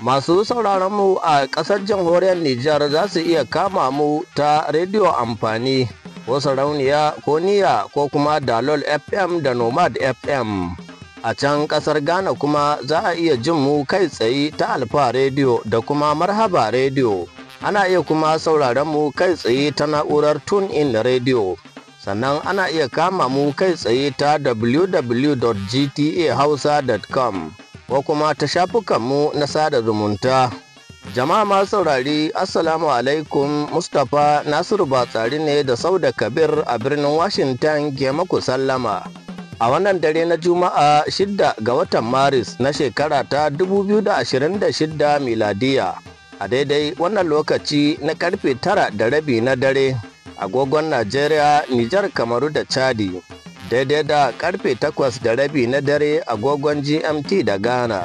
Masu sauraron mu a ƙasar jamhuriyar Nijar za su iya kama mu ta rediyo amfani ko sarauniya ko niya ko kuma dalol FM da nomad FM. A can ƙasar Ghana kuma za a iya jin mu kai tsaye ta Alfa rediyo da kuma Marhaba rediyo. Ana iya kuma sauraron mu kai tsaye ta na'urar in rediyo. sannan ana iya kama mu kai tsaye ta www.gtahausa.com ko kuma ta shafukanmu na sada zumunta. Jama'a masu saurari Assalamu alaikum Mustapha Nasiru Batsari ne da Sauda Kabir a birnin Washington ke maku sallama. A wannan dare na Juma'a 6 ga watan Maris na shekara ta 2026 miladiya. A daidai wannan lokaci na karfe tara da rabi na dare, agogon Najeriya, Nijar, Kamaru da Chadi. daidai da karfe takwas da rabi na dare agogon GMT da Ghana.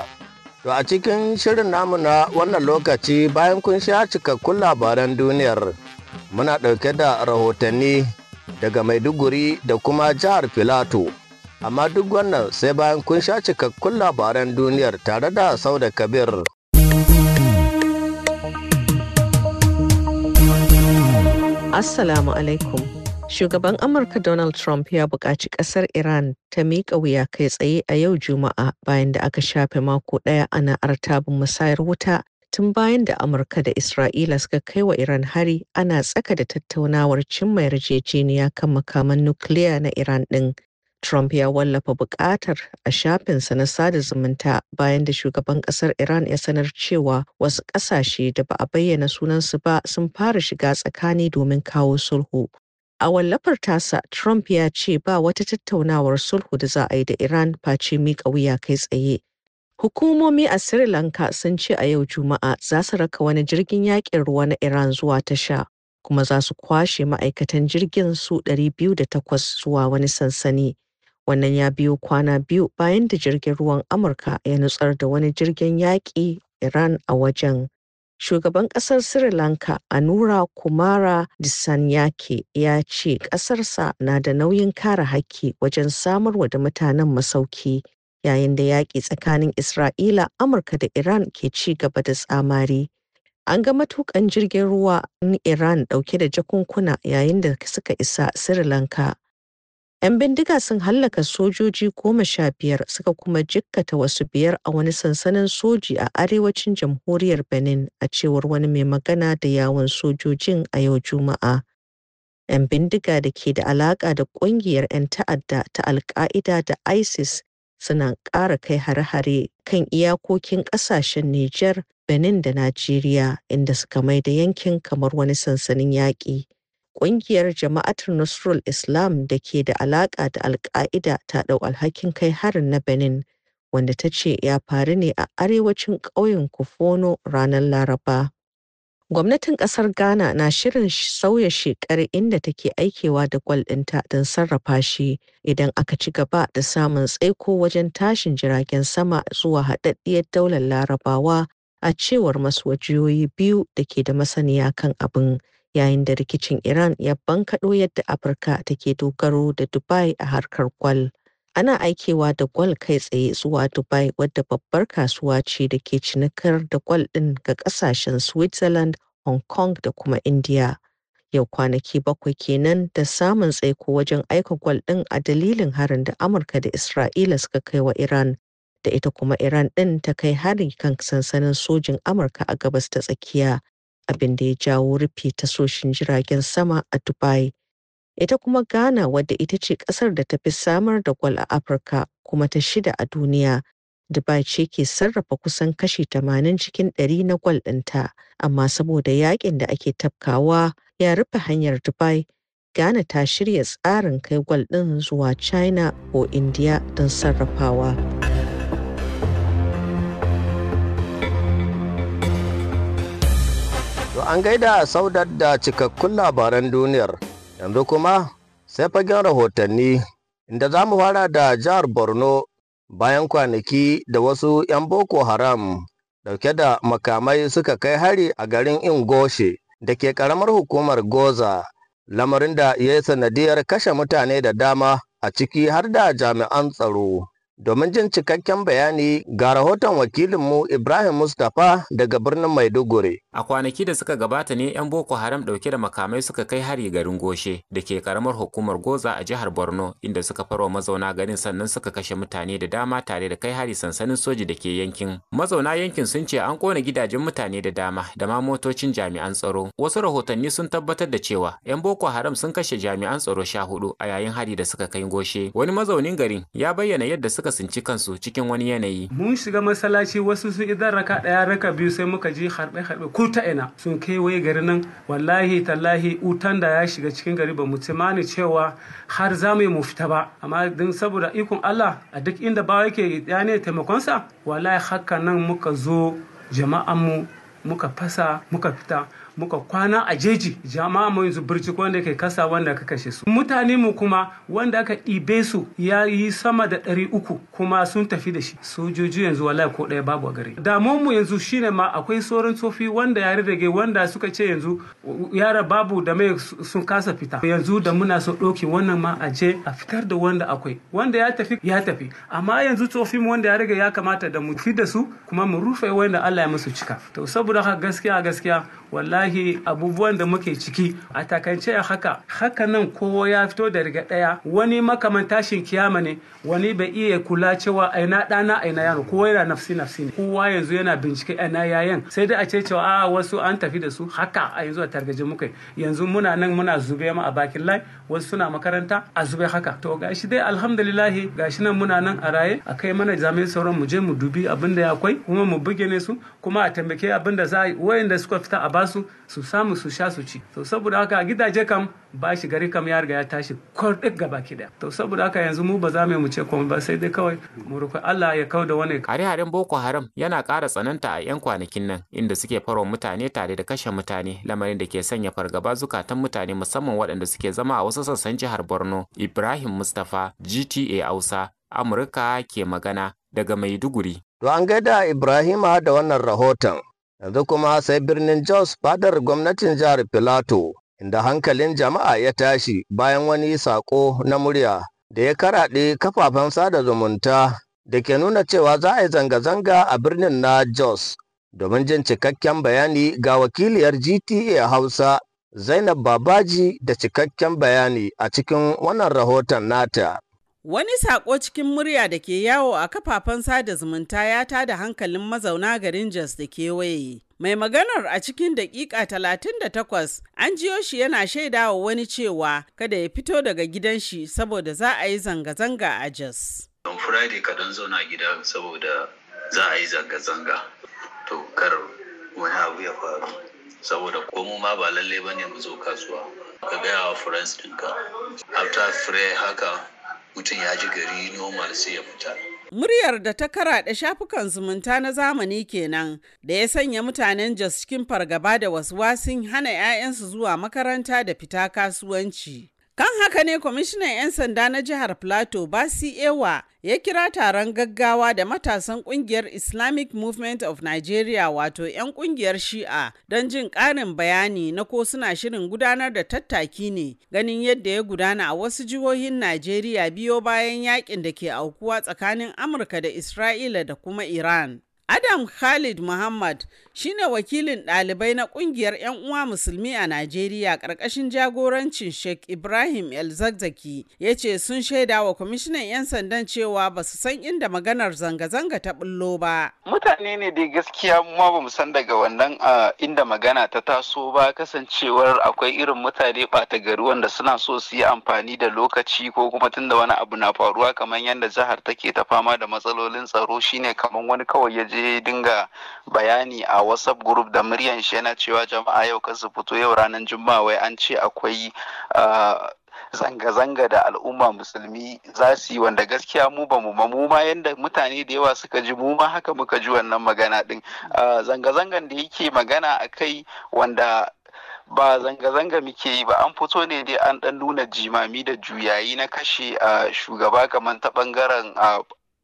To a cikin shirin namu na wannan lokaci bayan kun sha cikakkun labaran duniyar muna ɗauke da rahotanni daga Maiduguri da kuma jihar Filato. Amma duk wannan sai bayan kun sha cikakkun labaran duniyar tare da Sauda Kabir. Assalamu alaikum. Shugaban Amurka Donald Trump ya buƙaci ƙasar Iran ta miƙa wuya kai tsaye a yau Juma'a bayan da aka shafe mako ɗaya ana artabin musayar wuta tun bayan da Amurka da Isra'ila suka kai wa Iran hari ana tsaka da tattaunawar cimma yarjejeniya kan makaman nukiliya na Iran ɗin. Trump ya wallafa buƙatar a shafinsa na sada zumunta bayan da shugaban ƙasar Iran ya sanar cewa wasu ƙasashe da ba a bayyana sunansu ba sun fara shiga tsakani domin kawo sulhu. A wallafar tasa, Trump ya ce ba wata tattaunawar sulhu da za a yi da Iran face miƙa wuya kai tsaye. Hukumomi a Sri Lanka sun ce a yau Juma'a za su raka wani jirgin yaƙin ruwa na Iran zuwa tasha, kuma za su kwashe ma'aikatan jirgin su 208 zuwa wani sansani. Wannan ya biyo kwana biyu bayan da jirgin ruwan Amurka ya nutsar da wani jirgin yaƙi Iran a wajen. Shugaban ƙasar Sri Lanka Anura Kumara Disanyake ya ce ƙasarsa na da nauyin kare haƙƙi wajen samarwa da mutanen masauki yayin da yaƙi tsakanin Isra'ila, Amurka da Iran ke ci gaba da tsamari. An ga matukan jirgin ruwa na Iran ɗauke da jakunkuna yayin da suka isa Sri Lanka. 'Yan bindiga sun hallaka sojoji goma sha biyar suka kuma jikkata wasu biyar a wani sansanin soji a arewacin jamhuriyar Benin a cewar wani mai magana da yawon sojojin a yau Juma'a. 'Yan bindiga da ke da alaƙa da ƙungiyar 'yan ta'adda ta Alƙa'ida da ISIS suna ƙara kai hare-hare kan iyakokin ƙasashen Nijar, Benin da Najeriya inda suka mai da yankin kamar wani sansanin yaƙi. Ƙungiyar Jama'atul Nusrul Islam da ke da alaƙa da al ta ɗau alhakin kai harin na Benin, wanda ta ce ya faru ne a arewacin ƙauyen Kufono ranar Laraba. Gwamnatin ƙasar Ghana na shirin sauya shekar inda take aikewa da gwal ɗinta don sarrafa shi idan aka ci gaba da samun tsaiko wajen tashin jiragen sama zuwa haɗaɗɗiyar daular larabawa a cewar masu wajiyoyi biyu da ke da masaniya kan abin yayin da rikicin Iran ya bankaɗo yadda Afirka take dogaro da Dubai a harkar gwal. Ana aikewa da gwal kai tsaye zuwa Dubai wadda babbar kasuwa ce da ke cinikar da gwal ɗin ga ƙasashen Switzerland, Hong Kong da kuma India. Yau kwanaki bakwai kenan da samun tsaiko wajen aika gwal ɗin a dalilin harin da Amurka da Isra'ila suka kai wa Iran da ita kuma Iran ɗin ta kai hari kan sansanin sojin Amurka a gabas ta tsakiya abin da ya jawo rufe tasoshin jiragen sama a Dubai. Ita kuma Ghana wadda ita ce ƙasar da ta fi samar da gwal a Afirka kuma ta shida a duniya. Dubai ce ke sarrafa kusan kashi 80 cikin 100 na gwal ɗinta, amma saboda yaƙin da ake tafkawa ya rufe hanyar Dubai, Ghana ta shirya tsarin kai gwal ɗin zuwa China ko India don sarrafawa. an gaida saudar da cikakkun labaran duniyar yanzu kuma sai fagen rahotanni inda za mu fara da jihar borno bayan kwanaki da wasu 'yan boko haram dauke da makamai suka kai hari a garin ingoshe da ke karamar hukumar goza lamarin da ya yi sanadiyar kashe mutane da dama a ciki har da jami'an tsaro Domin jin cikakken bayani ga rahoton wakilinmu Ibrahim Mustapha daga birnin Maiduguri. A kwanaki da suka gabata ne 'yan Boko Haram ɗauke da makamai suka kai hari garin Goshe da ke karamar hukumar Goza a jihar Borno inda suka farwa mazauna garin sannan suka kashe mutane da dama tare da kai hari sansanin soji da ke yankin. Mazauna yankin sun ce an kona gidajen mutane da dama da ma motocin jami'an tsaro. Wasu rahotanni sun tabbatar da cewa 'yan Boko Haram sun kashe jami'an tsaro sha hudu a yayin hari da suka kai Goshe. Wani mazaunin garin ya bayyana yadda suka tsinci kansu cikin wani yanayi. Mun shiga masallaci wasu sun idan raka ɗaya raka biyu sai muka ji harɓe harɓe ko ta ina sun kai wai gari nan wallahi tallahi utan da ya shiga cikin gari ba mu tsammani cewa har za mu fita ba amma din saboda ikon Allah a duk inda ba yake ya ne taimakonsa wallahi haka nan muka zo jama'an mu muka fasa muka fita muka kwana a jeji jama'a mu yanzu birci wanda ke kasa wanda ka kashe su mutane mu kuma wanda aka ɗibe su ya yi sama da ɗari uku kuma sun tafi da shi sojoji yanzu wallahi ko ɗaya babu a gari damuwan mu yanzu shine ma akwai sauran tsofi wanda ya rage wanda suka ce yanzu yara babu da mai sun kasa fita yanzu da muna so ɗauki wannan ma a je a fitar da wanda akwai wanda ya tafi ya tafi amma yanzu tsofi wanda ya rage ya kamata da mu fi da su kuma mu rufe wanda Allah ya musu cika to saboda haka gaskiya gaskiya wallahi wallahi abubuwan da muke ciki a takance a haka haka nan kowa ya fito da riga daya wani makaman tashin kiyama ne wani bai iya kula cewa aina dana aina yaro kowa yana nafsi nafsi ne kowa yanzu yana bincike aina yayan sai dai a ce cewa a ah, wasu an tafi da su haka a yanzu a targaje muke yanzu muna nan muna zube ma a bakin lai wasu suna makaranta a zube haka to gashi dai alhamdulillahi gashi nan muna nan a raye a kai mana jami'in sauran mu je mu dubi abin da ya akwai kuma mu buge ne su kuma a tambake abin da za a yi wayanda suka fita a basu su samu su sha su ci to saboda haka gidaje kam ba shi gari kam ya riga ya tashi kwarɗik gaba kiɗa. to saboda haka yanzu mu ba za mu ce komai ba sai dai kawai mu rufe Allah ya kau da wani hare-haren Boko Haram yana ƙara tsananta a 'yan kwanakin nan inda suke farwa mutane tare da kashe mutane lamarin da ke sanya fargaba zukatan mutane musamman waɗanda suke zama a wasu sassan jihar Borno Ibrahim Mustafa GTA Hausa Amurka ke magana daga Maiduguri. To an gaida Ibrahima da wannan rahoton. yanzu kuma sai birnin jos fadar gwamnatin jihar filato inda hankalin jama'a ya tashi bayan wani sako na murya da ya karaɗe kafafen sada zumunta da ke nuna cewa za a yi zanga-zanga a birnin na jos domin jin cikakken bayani ga wakiliyar gta hausa zainab babaji da cikakken bayani a cikin wannan rahoton nata Wani saƙo cikin murya da ke yawo a kafafen sada zumunta ya tada hankalin mazauna garin Jos da kewaye. Mai maganar a cikin daƙiƙa 38 an jiyo shi yana shaidawa wani cewa kada ya fito daga gidan shi saboda za a yi zanga-zanga a Jos. Don Friday don zauna gida saboda za a yi zanga-zanga. To kar wani abu ya faru saboda komo ma ba lalle ba ne mu zo kasuwa. Ka gaya wa friends ɗinka. After fray haka mutum ya ji gari normal sai ya fita. Muryar da ta karaɗe shafukan zumunta na zamani kenan da ya sanya mutanen Jos cikin fargaba da wasu wasin hana 'ya'yansu zuwa makaranta da fita kasuwanci. Kan haka ne kwamishinan 'yan sanda na jihar plato Basi Ewa ya kira taron gaggawa da matasan kungiyar Islamic Movement of Nigeria wato 'yan kungiyar Shi'a don jin ƙarin bayani na ko suna shirin gudanar da tattaki ne ganin yadda ya gudana a wasu jihohin Najeriya biyo bayan yakin da ke aukuwa tsakanin Amurka da Isra'ila da kuma Iran. Adam Khalid Muhammad shine wakilin ɗalibai na ƙungiyar 'yan uwa musulmi a Najeriya ƙarƙashin jagorancin Sheikh Ibrahim El Zagzaki ya ce sun shaida wa kwamishinan 'yan sandan cewa ba su san inda maganar zanga-zanga ta ɓullo ba. Mutane ne da gaskiya ma ba san daga wannan inda magana ta taso ba kasancewar akwai irin mutane ɓata gari wanda suna so su yi amfani da lokaci ko kuma tunda wani abu na faruwa kamar yadda jihar take ta fama da matsalolin tsaro shine kamar wani kawai ya je dinga bayani a whatsapp group da muryan shi yana cewa jama'a yau kan su fito yau ranar juma'a wai an ce akwai ah, zanga-zanga da al'umma musulmi za su yi wanda gaskiya mu ba mu ba mu ma yanda mutane da yawa suka ji mu ma haka muka ji wannan magana din ah, zanga-zangan da yake magana a kai wanda ba zanga-zanga muke yi ba an fito ne dai an dan nuna jimami da juyayi na kashe a ah, shugaba kamar ta bangaren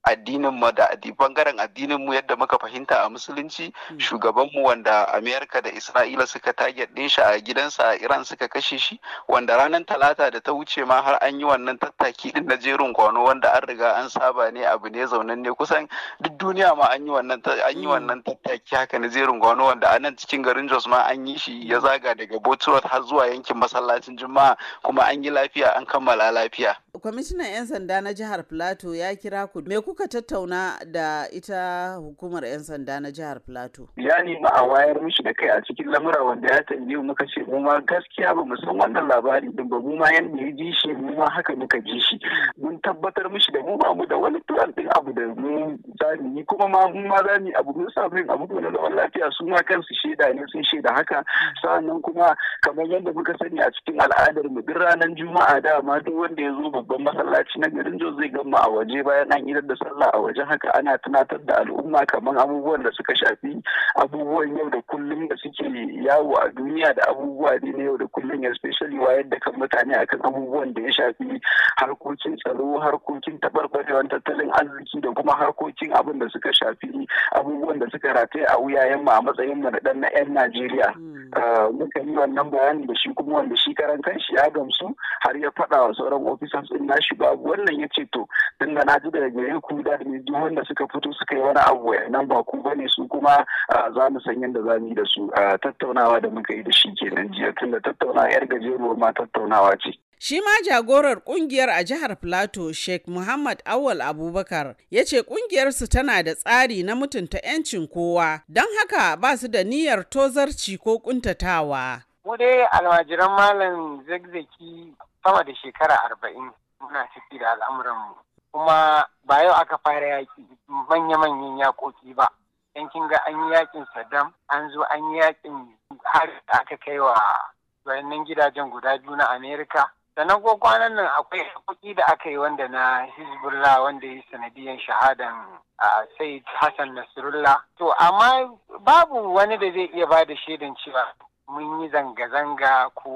addinin mu da bangaren addinin mu yadda muka fahimta a musulunci hmm. shugaban mu wanda Amerika da Isra'ila suka target din shi a gidansa a Iran suka kashe shi wanda ranar talata da ta wuce ma har an yi wannan tattaki din na jerin kwano wanda an riga an saba ne abu ne zaunan ne kusan duk duniya ma an yi wannan an yi hmm. wannan tattaki haka na jerin kwano wanda a nan cikin garin Jos ma an yi shi ya zaga daga botswana har zuwa yankin masallacin Juma'a kuma an yi lafiya an kammala lafiya. Kwamishinan 'yan sanda na jihar Plateau ya kira ku me kuka kuka tattauna da ita hukumar 'yan sanda na jihar plato Ya nemi a wayar mishi da kai a cikin lamura wanda ya tambi mu muka ce mu ma gaskiya ba mu san wannan labari din ba mu ma yanda ya ji shi mu ma haka muka ji shi. Mun tabbatar mishi da mu ba mu da wani plan din abu da mu zamu yi kuma ma mu ma zamu abu mun sa yin abu da zaman lafiya su ma kansu shaida ne sun shaida haka sannan kuma kamar yadda muka sani a cikin al'adar mu duk ranar juma'a da ma duk wanda ya zo babban masallaci na garin Jos zai gama a waje bayan an idar da sallah a wajen haka ana tunatar da al'umma kamar abubuwan da suka shafi abubuwan yau da kullum da suke yawo a duniya da abubuwa ne na yau da kullum especially wayar da kan mutane akan abubuwan da ya shafi harkokin tsaro harkokin tabarbarewan tattalin arziki da kuma harkokin abin da suka shafi abubuwan da suka rataye a wuyayen mu a matsayin mu na dan na 'yan Najeriya. Hmm. Ah, muka yi wannan bayanin da shi kuma wanda shi karan kanshi ya gamsu har ya faɗa wa sauran in na shi babu wannan ya ce to tun da na ji daga gare ku da ne duk wanda suka fito suka yi wani abu nan ba ku bane su kuma ah, za mu san yadda za mu yi da su ah, tattaunawa da muka yi da shi kenan jiya tun da tattaunawa yar gajeruwar ma tattaunawa ce Shi ma jagorar kungiyar a jihar Plateau, Sheikh Muhammad Awal Abubakar, ya ce kungiyarsu tana da tsari na mutunta 'yancin kowa, don haka ba su da niyyar tozarci ko kuntatawa. Mu dai almajiran malam zagzaki sama da shekara arba'in muna ciki da mu Kuma ba yau aka fara yaƙi manya-manyan yaƙoƙi ba. Yan kin ga an yi yaƙin Saddam, an zo an yi yaƙin har aka kai wa wayannan gidajen guda biyu na Amerika. sannan ko kwanan nan akwai hakuki da aka yi wanda na hezbollah wanda ya yi sanadiyan shahadan sai hassan nasrullah to amma babu wani da zai iya ba da shaidan cewa mun yi zanga-zanga ko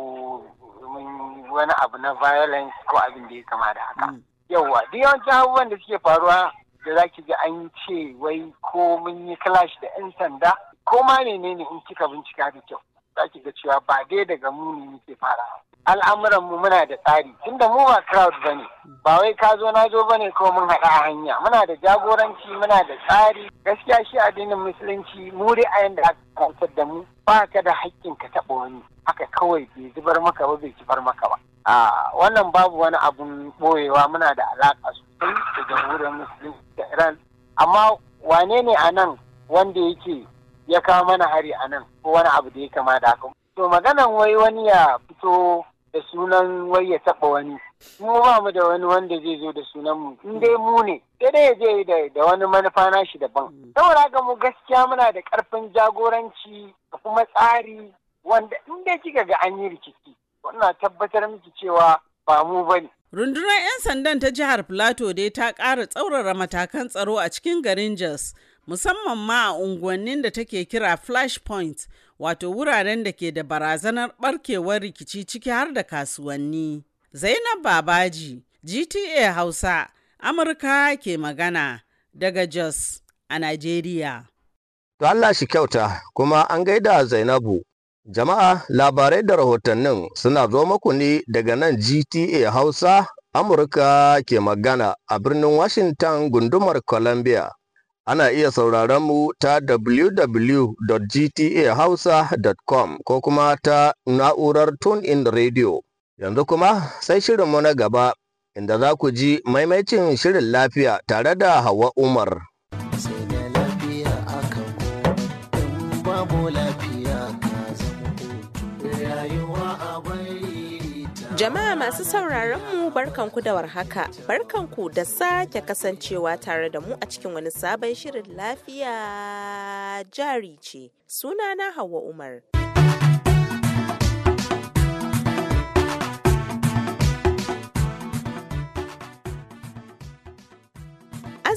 mun wani abu na violence ko abin da ya kama da haka mm. yauwa duk yawancin abubuwan da suke faruwa da za ki ji an ce wai ko mun yi clash da 'yan sanda ko ma menene in kika bincika da kyau za ki ga cewa ba dai daga muni muke fara al'amuran mu muna da tsari tunda mu ba crowd bane ba wai ka zo na zo bane ko mun haɗa a hanya muna da jagoranci muna da tsari gaskiya shi addinin musulunci mu ra'ayin da aka karantar da mu ba ka da hakkin ka taɓa wani haka kawai bai zubar maka ba bai zubar maka ba a wannan babu wani abun ɓoyewa muna da alaƙa sosai da jamhuriyar musulunci da iran amma wane ne a nan wanda yake ya kawo mana hari a nan ko wani abu da ya kama da haka to maganan wai wani ya fito da sunan wai ya taɓa wani mu ba mu da wani wanda zai zo da sunan mu in dai mu ne sai dai ya je da wani manufa na shi daban mm. saboda ga mu gaskiya muna da ƙarfin jagoranci da kuma tsari wanda in dai kika ga an yi rikici wannan tabbatar miki cewa ba mu ba ne. rundunar 'yan sandan ta jihar plateau dai ta ƙara tsaurara matakan tsaro a cikin garin jos musamman ma a unguwannin da take kira flashpoint wato wuraren da ke da barazanar barkewar rikici ciki har da kasuwanni. Zainab Babaji, GTA Hausa, Amurka ke magana daga Jos a Najeriya. To Allah shi kyauta kuma an gaida Zainabu. Jama'a labarai da rahotannin suna zo muku ne daga nan GTA Hausa Amurka ke magana a birnin Washington gundumar Columbia. Ana iya sauraron mu ta www.gtahausa.com ko kuma ta na'urar TuneIn Radio. Yanzu kuma sai shirinmu na gaba, inda za ku ji maimaicin shirin lafiya tare da Hawa Umar. Jama'a masu sauraron mu ku da warhaka, barkan ku da sake kasancewa tare da mu a cikin wani sabon shirin lafiya jari ce. Sunana Hauwa Umar.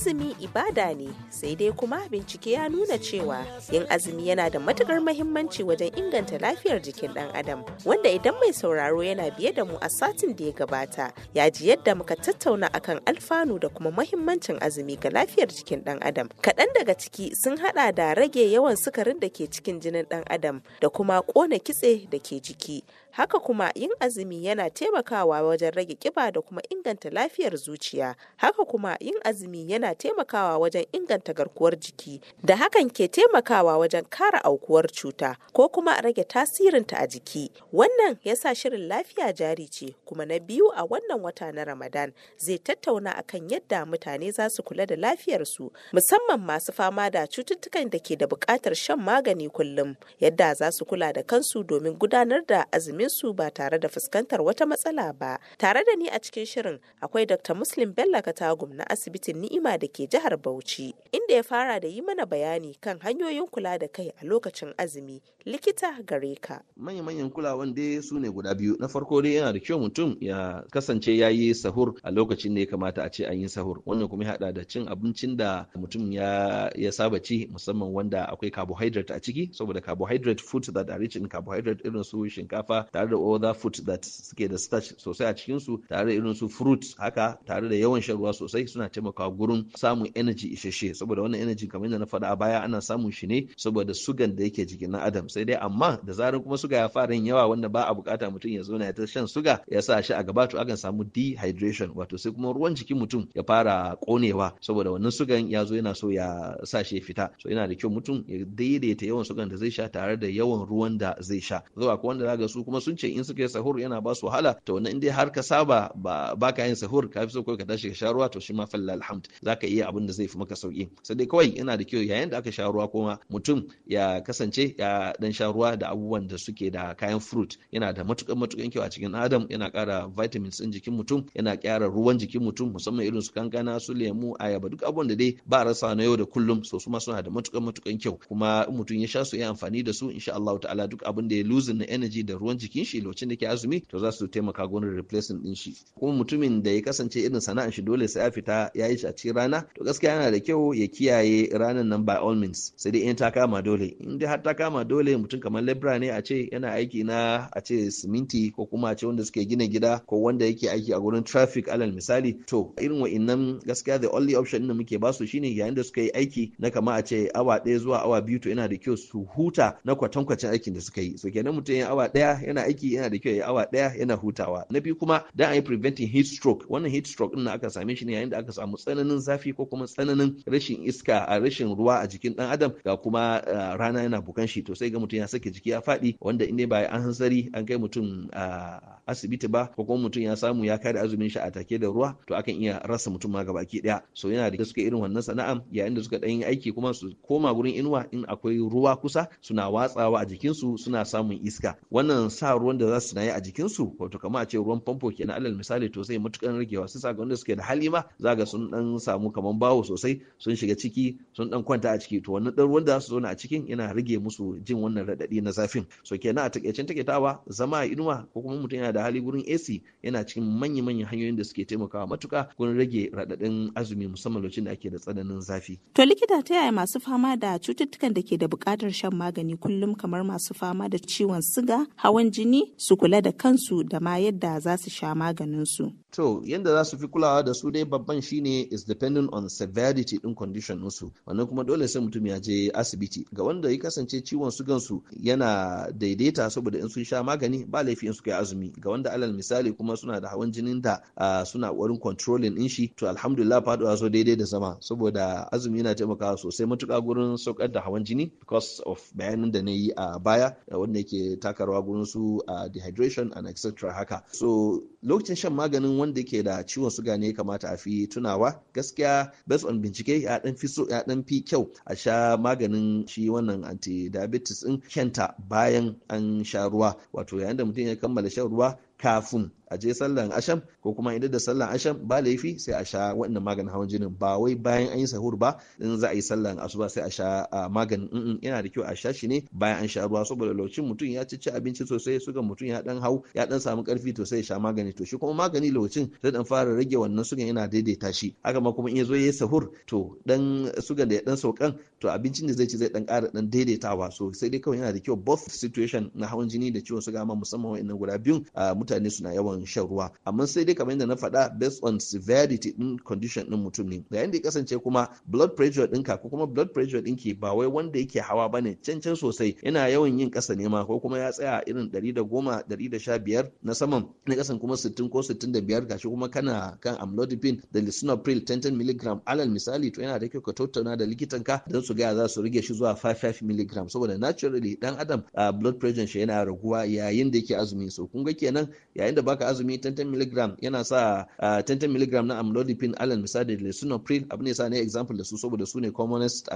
azumi ibada ne sai dai kuma bincike ya nuna cewa yin azumi yana da matukar mahimmanci wajen inganta lafiyar jikin dan adam wanda idan mai sauraro yana biye da mu a satin da ya gabata ya ji yadda muka tattauna akan alfanu da kuma mahimmancin azumi ga lafiyar jikin dan adam kaɗan daga ciki sun hada da rage yawan sukarin da ke cikin jinin dan adam da kuma kona kitse da ke jiki Haka kuma yin azumi yana taimakawa wajen rage kiba da kuma inganta lafiyar zuciya. Haka kuma yin azumi yana taimakawa wajen inganta garkuwar jiki da hakan ke taimakawa wajen kare aukuwar cuta ko kuma rage tasirinta a jiki. Wannan ya sa shirin lafiya jari ce kuma na biyu a wannan wata na Ramadan zai tattauna akan yadda mutane za su kula da lafiyarsu musamman masu fama da cututtukan da ke da buƙatar shan magani kullum yadda za su kula da kansu domin gudanar da azumin su ba tare da fuskantar wata matsala ba. Tare da ni a cikin shirin akwai Dr. Muslim Bello Katagum na asibitin Ni'ima da ke jihar Bauchi, inda ya fara da yi mana bayani kan hanyoyin kula da kai a lokacin azumi. Likita gare ka. Manya-manyan kulawan dai su ne guda biyu. Na farko dai yana da kyau mutum ya kasance ya yi sahur a lokacin da ya kamata a ce an yi sahur. Wannan kuma ya haɗa da cin abincin da mutum ya, ya saba ci musamman wanda akwai carbohydrate a ciki saboda carbohydrate food that are rich in carbohydrate irin su shinkafa tare da other food that suke da starch sosai a cikinsu tare da irin su fruit haka tare da yawan shan ruwa sosai suna taimakawa gurin samun energy isasshe saboda wannan energy kamar yadda na faɗa a baya ana samun shi ne saboda sugan da yake jikin na adam sai dai amma da zarar kuma suga ya fara yin yawa wanda ba a bukata mutum ya zauna ya ta shan suga ya sa shi a gaba to akan samu dehydration wato sai kuma ruwan jikin mutum ya fara konewa saboda wannan sugan ya zo yana so ya sa shi ya fita so yana da kyau mutum ya daidaita yawan sugan da zai sha tare da yawan ruwan da zai sha zuwa ko wanda zaga su kuma kuma sun ce in suka yi sahur yana ba su wahala to wannan in dai har ka saba ba baka yin sahur ka fi so ka tashi ka sha ruwa to shi ma falla alhamd zaka iya abin da zai fi maka sauki sai dai kawai yana da kyau yayin da aka sha ruwa kuma mutum ya kasance ya dan sha ruwa da abubuwan da suke da kayan fruit yana da matukan matukan kyau a cikin adam yana kara vitamins din jikin mutum yana kyara ruwan jikin mutum musamman irin su kankana su lemu ayaba duk abubuwan da dai ba rasa na yau da kullum so su ma suna da matukan matukan kyau kuma mutum ya sha su ya amfani da su insha Allah ta'ala duk abin da ya losing na energy da ruwan jikin shi lokacin da ke azumi to za su taimaka gonar replacing din shi kuma mutumin da ya kasance irin sana'ar shi dole sai ya fita ya yi shi a cikin rana to gaskiya yana da kyau ya kiyaye ranar nan by all means sai dai in ta kama dole in dai har ta kama dole mutum kamar lebra ne a ce yana aiki na a ce siminti ko kuma a ce wanda suke gina gida ko wanda yake aiki a gurin traffic alal misali to irin wa'innan gaskiya the only option da muke ba su shine yayin da suka yi aiki na kama a ce awa ɗaya zuwa awa biyu to yana da kyau su huta na kwatankwacin aikin da suka yi so kenan mutum yin awa ɗaya yana aiki yana da kyau ya awa daya yana hutawa na biyu kuma dan ayi preventing heat stroke wannan heat stroke din aka same shi ne yayin da aka samu tsananin zafi ko kuma tsananin rashin iska a rashin ruwa a jikin dan adam ga kuma rana yana bukan shi to sai ga mutum ya sake jiki ya fadi wanda in ba an hanzari an kai mutum a asibiti ba ko kuma mutum ya samu ya kare azumin shi a take da ruwa to akan iya rasa mutum ma gabaki daya so yana da suka irin wannan sana'an yayin da suka dan yi aiki kuma su koma gurin inuwa in akwai ruwa kusa suna watsawa a jikin su suna samun iska wannan sa sa ruwan da za su nayi a jikinsu wato kamar a ce ruwan famfo kenan alal misali to sai matukan ragewa su saka wanda suke da hali ma za ga sun dan samu kamar bawo sosai sun shiga ciki sun dan kwanta a ciki to wannan dan ruwan da za su zauna a cikin yana rage musu jin wannan radadi na zafin so kenan a takeicen taketawa zama a inuwa ko kuma mutum yana da hali gurin AC yana cikin manya manyan hanyoyin da suke taimakawa matuka gurin rage radadin azumi musamman lokacin da ake da tsananin zafi to likita ta yaya masu fama da cututtukan da ke da buƙatar shan magani kullum kamar masu fama da ciwon siga hawan jini su kula da kansu da ma yadda za su sha maganinsu. to yadda za su fi kulawa da su dai babban shine is depending on severity din condition musu wannan kuma dole sai mutum ya je asibiti ga wanda ya kasance ciwon sugan su yana daidaita saboda in sun sha magani ba laifi in su kai azumi ga wanda alal misali kuma suna da hawan jinin da suna warin controlling din shi to alhamdulillah faduwa so daidai da zama saboda azumi yana taimakawa sosai matuka gurin saukar da hawan jini because of bayanin da na yi a baya wanda yake takarwa gurin su dehydration and etc haka so lokacin shan maganin wanda yake da ciwon suga ne kamata a fi tunawa gaskiya based on bincike ya dan fi ya dan fi kyau a sha maganin shi wannan anti diabetes din kenta bayan an sha ruwa wato yayin da mutum ya kammala shan ruwa kafin a je sallan asham ko kuma idan da sallan asham ba laifi sai a sha wannan maganin hawan jinin ba wai bayan an yi sahur ba in za a yi sallan asuba sai a sha maganin mm, mm, yana da kyau a sha shi ne bayan an sha ruwa saboda lokacin mutum ya ci abinci sosai suga mutum ya dan hau ya dan samu karfi to sai ya sha magani to shi kuma magani lokacin sai dan fara rage wannan sugan yana daidaita shi haka ma kuma in ya yi yayi sahur to dan sugan da ya dan saukan to abincin da zai ci zai dan ƙara dan daidaitawa so sai dai kawai yana da kyau both situation na hawan jini da ciwon suga ma musamman wa'annan guda biyun mutane suna yawan yawan shan ruwa amma sai dai kamar yadda na faɗa based on severity din condition din mutum ne yayin da ya kasance kuma blood pressure ɗinka ko kuma blood pressure ɗinki ba wai wanda yake hawa bane can can sosai yana yawan yin ƙasa ne ma ko kuma ya tsaya irin 110 115 na saman na ƙasan kuma 60 ko 65 gashi kuma kana kan amlodipine da lisinopril 10 mg alal misali to yana da kyau ka tattauna da likitan ka don su gaya za su rage shi zuwa 55 mg saboda naturally dan adam ah, blood pressure shi yana raguwa yayin da yake azumi so kun ga kenan yayin da baka azumi 10 mg yana sa 10 mg na amlodipine allen misali da lisinopril abu ne sa ne example da su saboda su ne commonest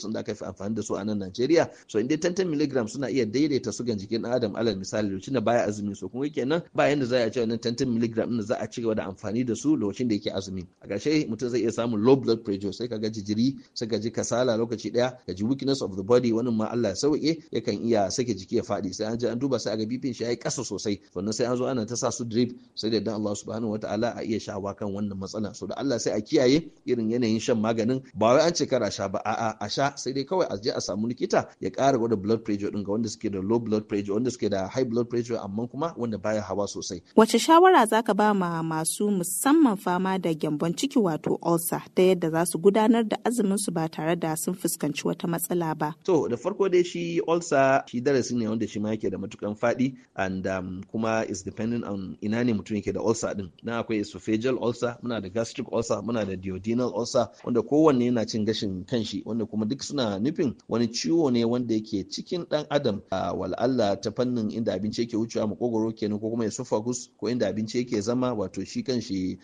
sun da aka fi amfani da su a nan Najeriya so inda 10 mg suna iya daidaita sugan jikin dan adam allen misali lokacin da baya azumi so kuma kenan ba yanda za a ce wannan 10 mg din za a ci gaba da amfani da su lokacin da yake azumi a ƙarshe mutum zai iya samun low blood pressure sai ka kaga jijiri sai ka ji kasala lokaci daya ka ji weakness of the body wannan ma Allah ya sauke yakan iya sake jiki ya fadi sai an je an duba sai aga bipin shi yayi ƙasa sosai sannan sai an zo ana ta sa su drip sai da Allah subhanahu wataala a iya shawa kan wannan matsala so da Allah sai a kiyaye irin yanayin shan maganin ba wai an ce kar a sha ba a'a a sha sai dai kawai a je a samu likita ya kara gwada blood pressure din ga wanda suke da low blood pressure wanda suke da high blood pressure amma kuma wanda baya hawa sosai wace shawara zaka ba ma masu musamman fama da gyambon ciki wato ulcer ta yadda za su gudanar da azumin su ba tare da sun fuskanci wata matsala ba to da farko dai shi ulcer shi darasi ne wanda shi ma yake da matukan faɗi and um, kuma is depending on ina ne mutum yake da ulcer din na akwai esophageal ulcer muna da gastric ulcer muna da duodenal ulcer wanda kowanne yana cin gashin kanshi wanda kuma duk suna nufin wani ciwo ne wanda yake cikin dan adam a wal'alla ta fannin inda abinci yake wucewa makogoro kenan ko kuma esophagus ko inda abinci yake zama wato shi kanshi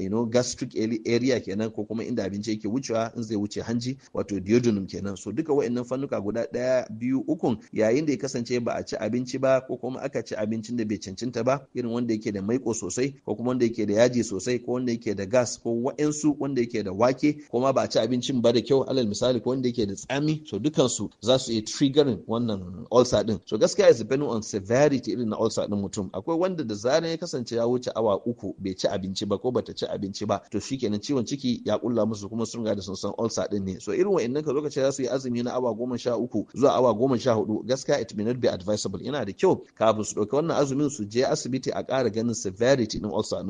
you know gastric area kenan ko kuma inda abinci yake wucewa in zai wuce hanji wato duodenum kenan so duka wa'annan fannuka guda daya biyu ukun yayin da ya kasance ba a ci abinci ba ko kuma aka ci abincin da bai cancanta ba irin wanda yake da maiko sosai ko kuma wanda yake da yaji sosai ko wanda yake da gas ko wa'ensu wanda yake da wake ko ma ba ci abincin ba da kyau alal misali ko wanda yake da tsami so dukansu za su iya triggering wannan ulcer din so gaskiya is depending on severity irin na ulcer din mutum akwai wanda da zaran ya kasance ya wuce awa uku bai ci abinci ba ko bata ci abinci ba to shikenan ciwon ciki ya kulla musu kuma sun ga da sun san ulcer din ne so irin wa'annan ka lokaci za su yi azumi na awa goma sha uku zuwa awa goma sha hudu gaskiya it may not be advisable yana da kyau kafin su ɗauki wannan azumin su je asibiti a kara ganin severity din ulcer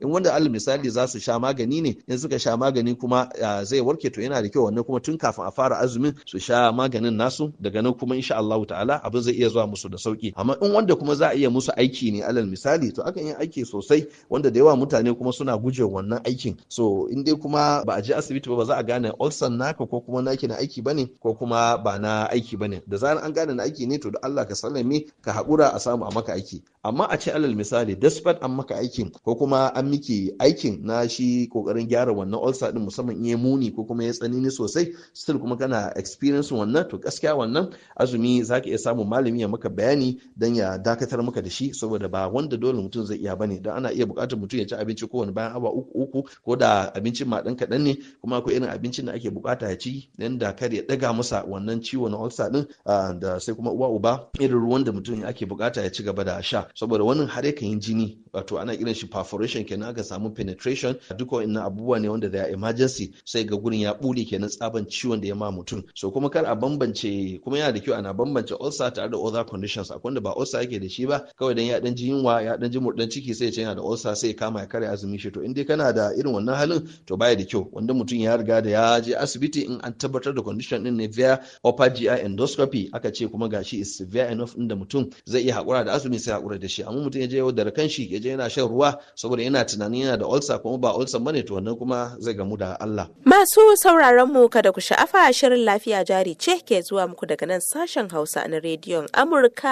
in wanda alal misali za su sha magani ne in suka sha magani kuma zai warke to yana da kyau wannan kuma tun kafin a fara azumin su sha maganin nasu daga nan kuma insha Allah ta'ala abin zai iya zuwa musu da sauki amma in wanda kuma za a iya musu aiki ne alal misali to akan yi aiki sosai wanda da yawa mutane kuma suna guje wannan aikin so in dai kuma ba a je asibiti ba ba za a gane ulcer naka ko kuma naki na aiki bane ko kuma ba na aiki bane da zaran an gane na aiki ne to da Allah ka sallame ka haƙura a samu a maka aiki amma a ce alal misali misali despite an maka aikin ko kuma an miki aikin na shi kokarin gyara wannan ulcer din musamman in ya muni ko kuma ya tsanini sosai still kuma kana experience wannan to gaskiya wannan azumi zaka iya samun malami ya maka bayani dan ya dakatar maka da shi saboda ba wanda dole mutum zai iya bane dan ana iya bukatar mutum ya ci abinci kowane bayan awa uku uku ko da abincin ma dan kaɗan ne kuma akwai irin abincin da ake bukata ya ci dan da kar ya daga masa wannan ciwo na ulcer din ah, da sai kuma uwa uba irin ruwan da mutum ya ake bukata ya ci gaba da sha saboda wannan har yakan yi cikin jini wato ana kiran shi perforation kenan aka samu penetration duk wa'annan abubuwa ne wanda da emergency sai ga gurin ya bude kenan tsaban ciwon da ya ma mutum so kuma kar a bambance kuma yana da kyau ana bambance ulcer tare da other conditions akwai da ba ulcer yake da shi ba kawai dan ya dan ji yunwa ya dan ji murdan ciki sai ya ce yana da ulcer sai ya kama ya kare azumi shi to in kana da irin wannan halin to baya da kyau wanda mutum ya riga da ya je asibiti in an tabbatar da condition din ne via upper GI endoscopy aka ce kuma gashi is severe enough inda mutum zai iya hakura da azumi sai hakura da shi amma mutum ya je da kan shi ya je yana shan ruwa saboda yana tunanin yana da ulcer kuma ba ulcer bane to wannan kuma zai gamu da Allah masu sauraron mu kada ku sha'afa shirin lafiya jari ce ke zuwa muku daga nan sashen Hausa na rediyon Amurka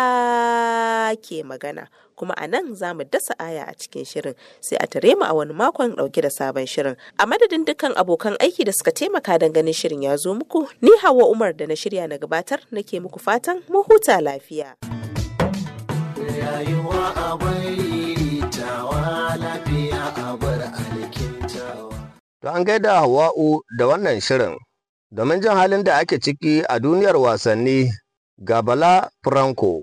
ke magana kuma a nan za mu dasa aya a cikin shirin sai a tare mu a wani makon ɗauke da sabon shirin a madadin dukkan abokan aiki da suka taimaka don ganin shirin ya zo muku ni hawa umar da na shirya na gabatar nake muku fatan mu huta lafiya. To an gaida Hawa'u da wannan shirin, domin jin halin da ake ciki a duniyar wasanni ga Bala Franco.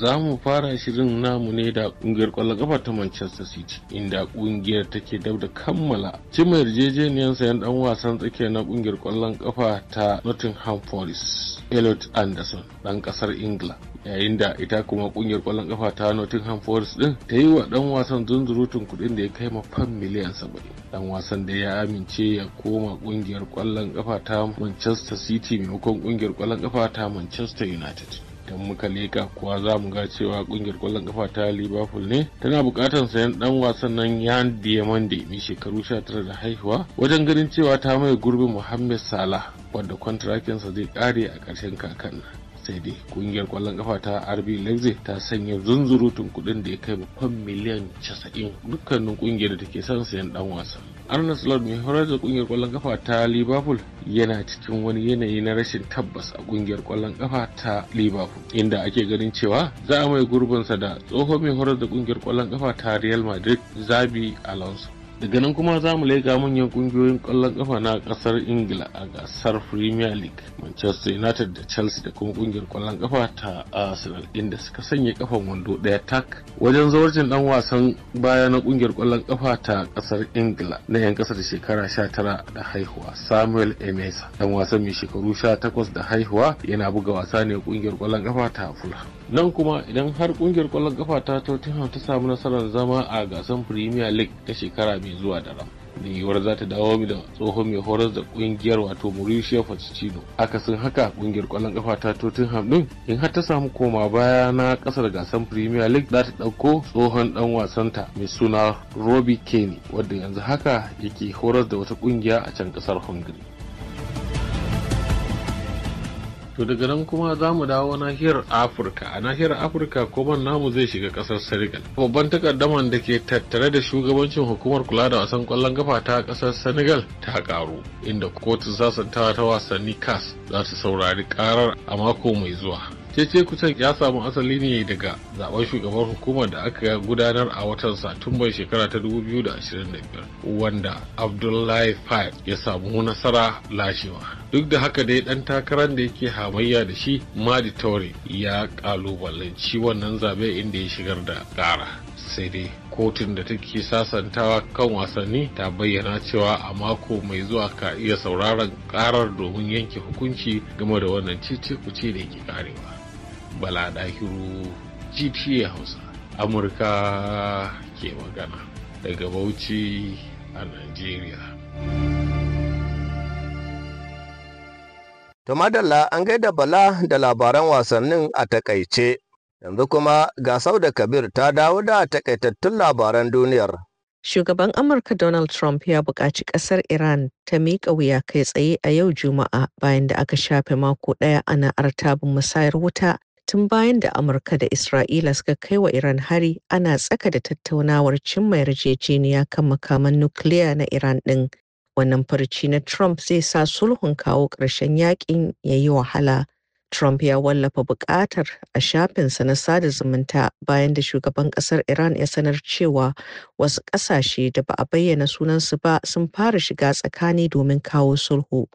za mu fara shirin namu ne da kungiyar kwallon kafa ta Manchester City inda kungiyar take dab da kammala cimma yarjejeniyar sayan ɗan wasan tsakiyar na kungiyar kwallon ƙafa ta Nottingham Forest elliot anderson ɗan ƙasar ingila yayin da ita kuma ƙungiyar ƙwallon ƙafa ta nottingham forest ɗin ta yi wa ɗan wasan zunzurutun kuɗin da ya kai ma fan miliyan saba'in ɗan wasan da ya amince ya koma ƙungiyar ƙwallon ƙafa ta manchester city maimakon ƙungiyar ƙwallon ƙafa ta manchester united idan muka leka kuwa za mu ga cewa ƙungiyar kwallon kafa ta liverpool ne tana bukatar sayan ɗan wasan nan yan diamande mai shekaru 19 da haihuwa wajen ganin cewa ta mai gurbin mohammed salah wadda kwantarakinsa zai kare a ƙarshen kakan sai dai kungiyar kwallon kafa ta rb leipzig ta sanya zunzurutun kudin da ya kai babban miliyan 90 dukkanin kungiyar da take son sayan dan wasa. arnold slot mai horar da kungiyar kwallon kafa ta liverpool yana cikin wani yanayi na rashin tabbas a kungiyar kwallon kafa ta liverpool inda ake ganin cewa za a mai gurbinsa da tsohon mai horar da kungiyar kwallon kafa ta real madrid zabi alonso daga nan kuma za mu leka manyan kungiyoyin kwallon kafa na ƙasar ingila a gasar premier league manchester united da chelsea da kuma ƙungiyar kwallon ƙafa ta arsenal inda suka sanya kafan wando ɗaya tak wajen zawarcin dan wasan baya na ƙungiyar kwallon ƙafa ta ƙasar ingila na 'yan ƙasar shekara sha tara da haihuwa samuel emesa dan wasan mai shekaru 18 da haihuwa yana buga wasa ne ƙungiyar kwallon kafa ta fulham nan kuma idan har kungiyar kwallon kafa ta tottenham ta samu nasarar zama a gasar premier league ta shekara mai zuwa da ram da yiwuwar za ta dawo da tsohon mai horar da kungiyar wato mauricio pochettino akasin haka kungiyar kwallon kafa ta tottenham din in har ta samu koma baya na kasar gasar premier league za ta dauko tsohon dan ta mai suna robbie kane wadda yanzu haka yake horar da wata kungiya a can kasar hungary to daga nan kuma za mu dawo nahiyar afirka a nahiyar afirka koban namu zai shiga kasar senegal babban takardaman da ke tattare da shugabancin hukumar kula da wasan kwallon gafa ta kasar senegal ta karu inda kotun sasantawa ta wasanni cas za su saurari karar a mako mai zuwa cece kusan ya samu asali ne daga zaben shugaban hukumar da aka gudanar a watan satumbar shekara ta 2025 wanda abdullahi five ya samu nasara lashewa duk da haka dai dan takarar da yake hamayya da shi madi taure ya kalubalanci wannan zabe inda ya shigar da kara sai dai kotun da take sasantawa kan wasanni ta bayyana cewa a mako mai zuwa ka iya sauraron karar domin yanke hukunci game da wannan cece kuce da ke karewa bala ɗakiru gta hausa amurka ke magana daga bauchi a nigeria to madalla an gaida bala da labaran wasannin a takaice yanzu kuma ga da kabir ta dawo da takaitattun labaran duniyar Shugaban Amurka Donald Trump ya buƙaci ƙasar Iran ta miƙa wuya kai tsaye a yau Juma'a bayan da aka shafe mako ɗaya ana artabin musayar wuta tun bayan da Amurka da Isra'ila suka kai wa Iran hari ana tsaka da tattaunawar cimma yarjejeniya kan makaman nukiliya na Iran ɗin. Wannan farci na Trump zai sa sulhun kawo ƙarshen yakin ya yi wahala. Trump ya wallafa buƙatar a shafinsa na sada zumunta bayan da shugaban ƙasar Iran ya sanar cewa wasu ƙasashe da ba a bayyana sunansu ba sun fara shiga tsakani domin kawo sulhu.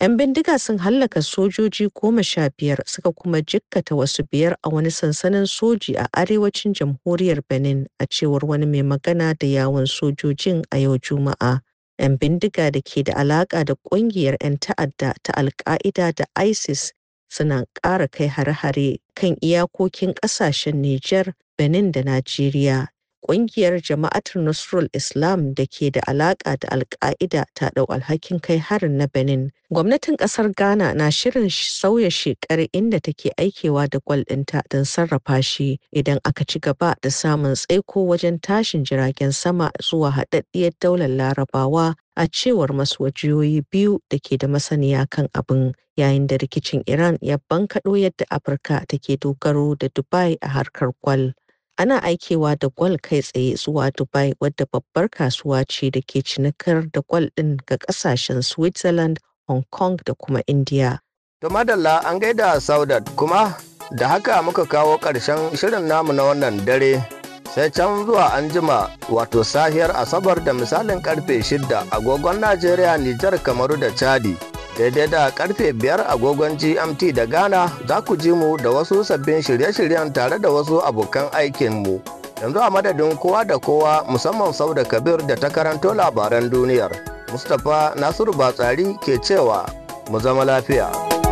'Yan bindiga sun hallaka sojoji goma sha biyar suka kuma jikkata wasu biyar a wani sansanin soji a arewacin jamhuriyar Benin a cewar wani mai magana da yawon sojojin a yau Juma'a. 'Yan bindiga da ke da alaƙa da ƙungiyar 'yan ta'adda ta alka'ida da ISIS suna ƙara kai hare-hare kan iyakokin ƙasashen Nijar, Benin da Najeriya Ƙungiyar jama'atar Nasrul Islam da ke da alaƙa da Alƙa'ida ta ɗau alhakin kai harin na Benin. Gwamnatin ƙasar Ghana na shirin sauya shekar inda take aikewa da gwal ɗinta don sarrafa shi idan aka ci gaba da samun tsaiko wajen tashin jiragen sama zuwa haɗaɗɗiyar daular Larabawa a cewar masu wajiyoyi biyu da ke da masaniya kan abin yayin da rikicin Iran ya bankaɗo yadda Afirka take dogaro da Dubai a harkar gwal. Ana aikewa da gwal kai tsaye zuwa Dubai wadda babbar kasuwa ce da ke cinikar da gwal ɗin ga ƙasashen Switzerland, Hong Kong da kuma India. To madalla an gaida Saudat kuma da haka muka kawo ƙarshen shirin namu na wannan dare sai can zuwa an jima wato sahiyar asabar da misalin karfe shidda, agogon Najeriya, Nijar, Kamaru da Chadi. daidai da karfe biyar agogon gmt da ghana za ku ji mu da wasu sabbin shirye-shiryen tare da wasu abokan aikinmu yanzu a madadin kowa da kowa musamman sau da kabir da ta karanto labaran duniyar mustapha nasiru batsari ke cewa mu zama lafiya